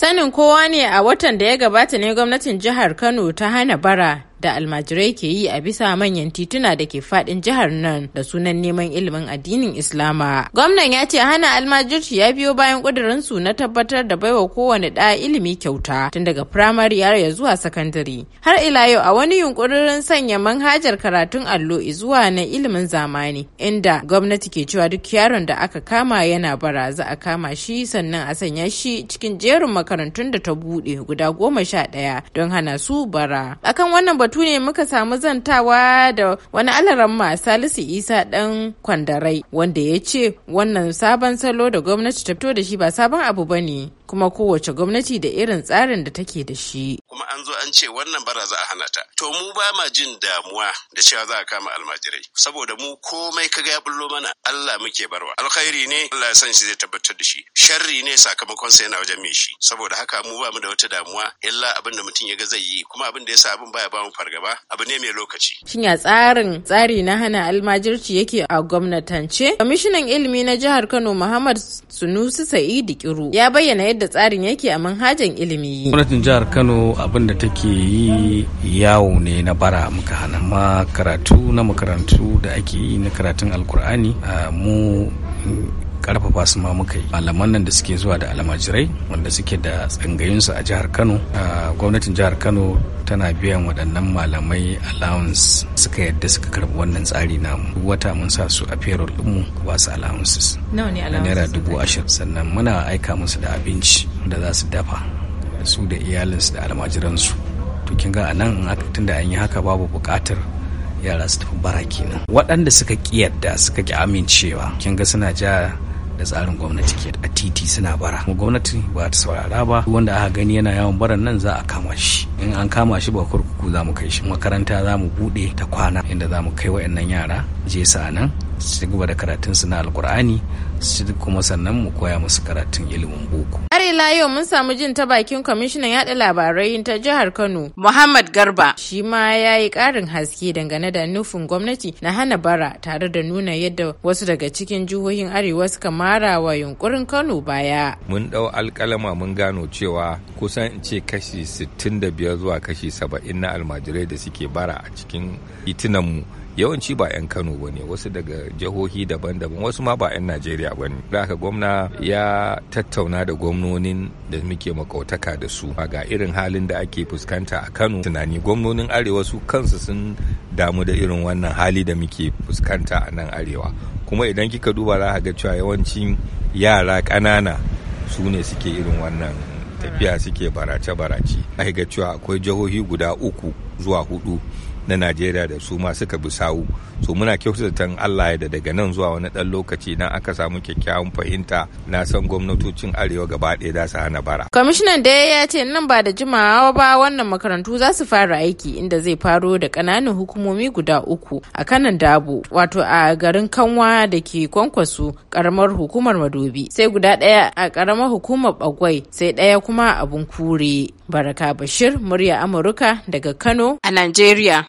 Sanin kowa ne a watan da ya gabata ne gwamnatin jihar Kano ta hana bara. da almajirai ke yi a bisa manyan tituna da ke fadin jihar nan da sunan neman ilimin addinin Islama. Gwamnan ya ce hana almajirci ya biyo bayan kudirin su na tabbatar da baiwa kowane ɗaya ilimi kyauta tun daga firamare har ya zuwa sakandare. Har ila yau a wani yunkurin sanya manhajar karatun allo zuwa na ilimin zamani inda gwamnati ke cewa duk yaron da aka kama yana bara za a kama shi sannan a sanya shi cikin jerin makarantun da ta buɗe guda goma sha ɗaya don hana su bara. Akan wannan batu hutu ne muka samu zantawa da wani alaramma Salisu Isa dan Kwandarai wanda ya ce wannan sabon salo da gwamnati ta fito da shi ba sabon abu ba ne. kuma kowace gwamnati da irin tsarin da take da shi. Kuma an zo an ce wannan bara za a hana ta. To mu ba ma jin damuwa da cewa za a kama almajirai. Saboda mu komai kaga ya bullo mana Allah muke barwa. Alkhairi ne Allah ya san shi zai tabbatar da shi. Sharri ne sakamakon sa yana wajen mai shi. Saboda haka mu ba mu da wata damuwa illa abin da mutum ya ga zai yi kuma abin da ya abin baya ba mu fargaba abu ne mai lokaci. Shin ya tsarin tsari na hana almajirci yake a gwamnatance? Kwamishinan ilimi na jihar Kano Muhammad Sunusi Sa'idu Kiru ya bayyana yadda tsarin yake a manhajan ilimi. Gwamnatin jihar Kano abin da take yi yawo ne na bara muka hana ma karatu na makarantu da ake yi na karatun alkur'ani mu karfafa su ma muka yi malaman nan da suke zuwa da almajirai wanda suke da tsangayinsu a jihar kano gwamnatin jihar kano tana biyan waɗannan malamai allowance suka yadda suka karɓi wannan tsari namu wata mun sa su a payroll mu ba su allowances nawa ne allowances naira dubu ashirin sannan muna aika musu da abinci da za su dafa su da iyalinsu da almajiransu to kin ga anan tunda an yi haka babu buƙatar yara su tafi bara kenan waɗanda suka ƙi yadda suka ƙi amincewa kin ga suna ja da tsarin gwamnati ke a titi suna bara kuma gwamnati ba ta saurara ba wanda aka gani yana yawan baran nan za a kama shi in an kama shi ba kurkuku za mu kai shi makaranta za mu bude ta kwana inda za mu kai wayannan yara je sa nan su gaba da karatun su na alkur'ani su kuma sannan mu koya musu karatun ilimin boko la yau mun samu jin ta bakin kwamishinan yaɗa labarai ta jihar Kano Muhammad Garba shi ma ya yi karin haske dangane da nufin gwamnati na hana bara tare da nuna yadda wasu daga cikin jihohin arewa suka mara wa yunkurin Kano baya. Mun ɗau alkalama mun gano cewa kusan in ce kashi 65 zuwa kashi 70 na almajirai da suke bara a cikin itinanmu yawanci ba 'yan kano ba ne wasu daga jihohi daban-daban wasu ma ba 'yan najeriya ba ne da aka gwamna ya tattauna da gwamnonin da muke makautaka da su ga irin halin da ake fuskanta a kano tunani gwamnonin arewa su kansu sun damu da irin wannan hali da muke fuskanta a nan arewa kuma idan kika duba za ga cewa yawancin yara ƙanana su ne suke irin wannan tafiya suke barace-barace a ga cewa akwai jihohi guda uku zuwa hudu na najeriya da su ma suka bi sawu so muna kyautatan allah ya da daga nan zuwa wani ɗan lokaci na aka samu kyakkyawan fahimta na san gwamnatocin arewa gaba ɗaya za su hana bara kwamishinan da ya ce nan ba da jimawa ba wannan makarantu za su fara aiki inda zai faro da ƙananan hukumomi guda uku a kanan dabo wato a garin kanwa da ke kwankwaso karamar hukumar madobi sai guda ɗaya a karamar hukumar bagwai sai ɗaya kuma a bunkure baraka bashir murya amurka daga kano a najeriya